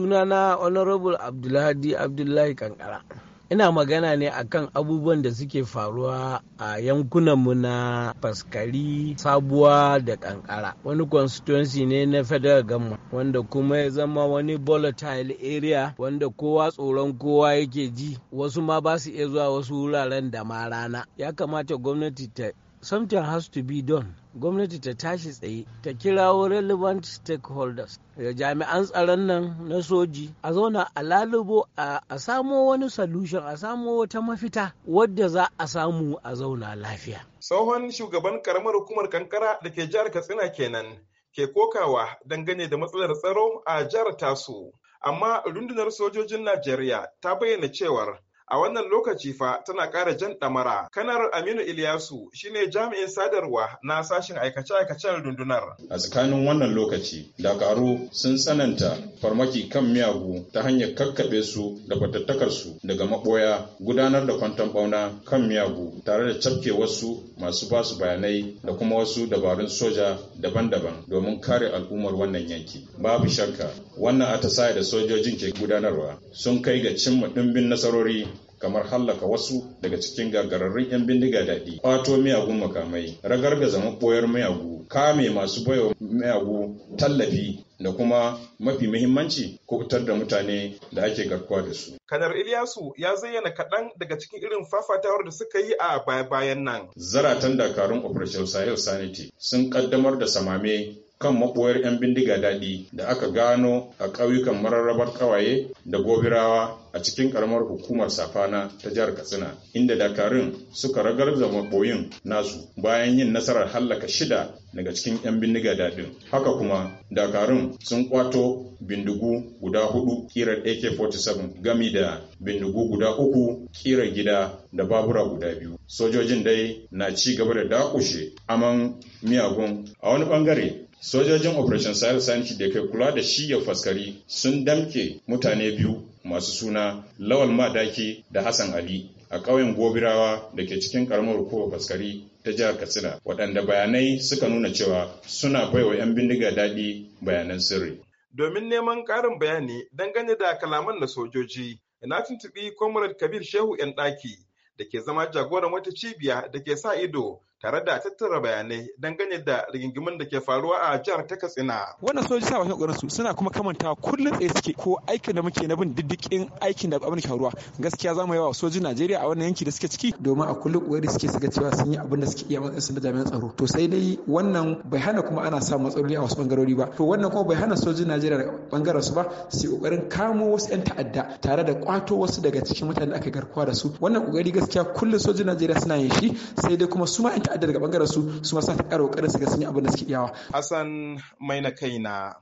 sunana honorable abdulhadi abdullahi kankara ina magana ne akan abubuwan da suke faruwa a yankunan mu na faskari sabuwa da kankara wani constituency ne na federal gamma wanda kuma ya zama wani volatile area wanda kowa tsoron kowa yake ji wasu ma ba su iya zuwa wasu wuraren da ma rana ya kamata gwamnati ta something has to be done gwamnati ta tashi tsaye ta kirawo relevant stakeholders da jami'an tsaron nan na soji a zauna a lalubo a samo wani solution a samo wata mafita wadda za a samu a zauna lafiya tsohon shugaban karamar hukumar kankara da ke jihar katsina kenan ke kokawa dangane da matsalar tsaro a jihar tasu amma rundunar sojojin najeriya ta bayyana cewar a wannan lokaci fa tana ƙara jan ɗamara. Kanar Aminu iliyasu shine jami'in sadarwa na sashen aikace-aikacen rundunar. A tsakanin wannan lokaci, Dakaru sun tsananta farmaki kan miyagu ta hanyar kakkaɓe su da fatattakarsu daga maɓoya gudanar da kwanton ɓauna kan miyagu tare da cafke wasu masu basu bayanai da kuma wasu dabarun soja daban-daban domin kare al'ummar wannan yanki. Babu shakka, wannan atasaya da sojojin ke gudanarwa sun kai ga cimma ɗimbin nasarori kamar hallaka wasu daga cikin gagararrun 'yan bindiga daɗi kwato miyagun makamai ragargaza maɓoyar miyagu kame masu baiwa miyagu tallafi da kuma mafi muhimmanci fitar da mutane da ake garkuwa da su. Kanar Ilyasu ya zayyana kaɗan daga cikin irin fafatawar da suka yi a baya-bayan nan. Zaratan dakarun Operation Sahel Sanity sun ƙaddamar da samame kan maɓoyar 'yan bindiga daɗi da aka gano a ƙauyukan mararrabar ƙawaye da gobirawa a cikin ƙaramar hukumar safana ta jihar katsina inda dakarun suka ragarza maɓoyin nasu bayan yin nasarar hallaka shida daga cikin 'yan bindiga daɗin haka kuma dakarun sun kwato bindigu guda hudu ƙirar ak-47 gami da bindigu guda uku ƙirar gida da babura guda biyu sojojin dai na ci gaba da dakushe aman miyagun a wani bangare sojojin operation sahel sanchi da ke kula da shi ya faskari sun damke mutane biyu masu suna lawal madaki da hassan ali a ƙauyen gobirawa da ke cikin ƙaramar kowa faskari ta jihar katsina waɗanda bayanai suka nuna cewa suna baiwa 'yan bindiga daɗi bayanan sirri domin neman ƙarin bayani dangane da kalaman na sojoji na tuntuɓi comrade kabir shehu 'yan ɗaki da ke zama jagoran wata cibiya da ke sa ido tare da tattara bayanai dangane da rigingimin da ke faruwa a jihar ta katsina wannan sojoji sa bakin su suna kuma kamanta kullum tsaye suke ko aikin da muke na bin diddikin aikin da abin ke gaskiya za mu yawa sojin najeriya a wannan yanki da suke ciki domin a kullum kokari suke su ga cewa sun yi abin da suke iya matsayin su na jami'an tsaro to sai dai wannan bai hana kuma ana samun matsaloli a wasu bangarori ba to wannan kuma bai hana sojin najeriya daga bangaren su ba su ƙoƙarin kamo wasu 'yan ta'adda tare da kwato wasu daga cikin mutane da aka garkuwa da su wannan kokari gaskiya kullum sojin najeriya suna yin shi sai dai kuma su ma ta'adda daga bangaren su su ma sa ta ƙara su ga sun yi abin da suke iyawa. Hassan mai na kaina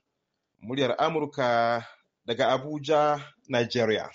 muryar Amurka daga Abuja, Nigeria.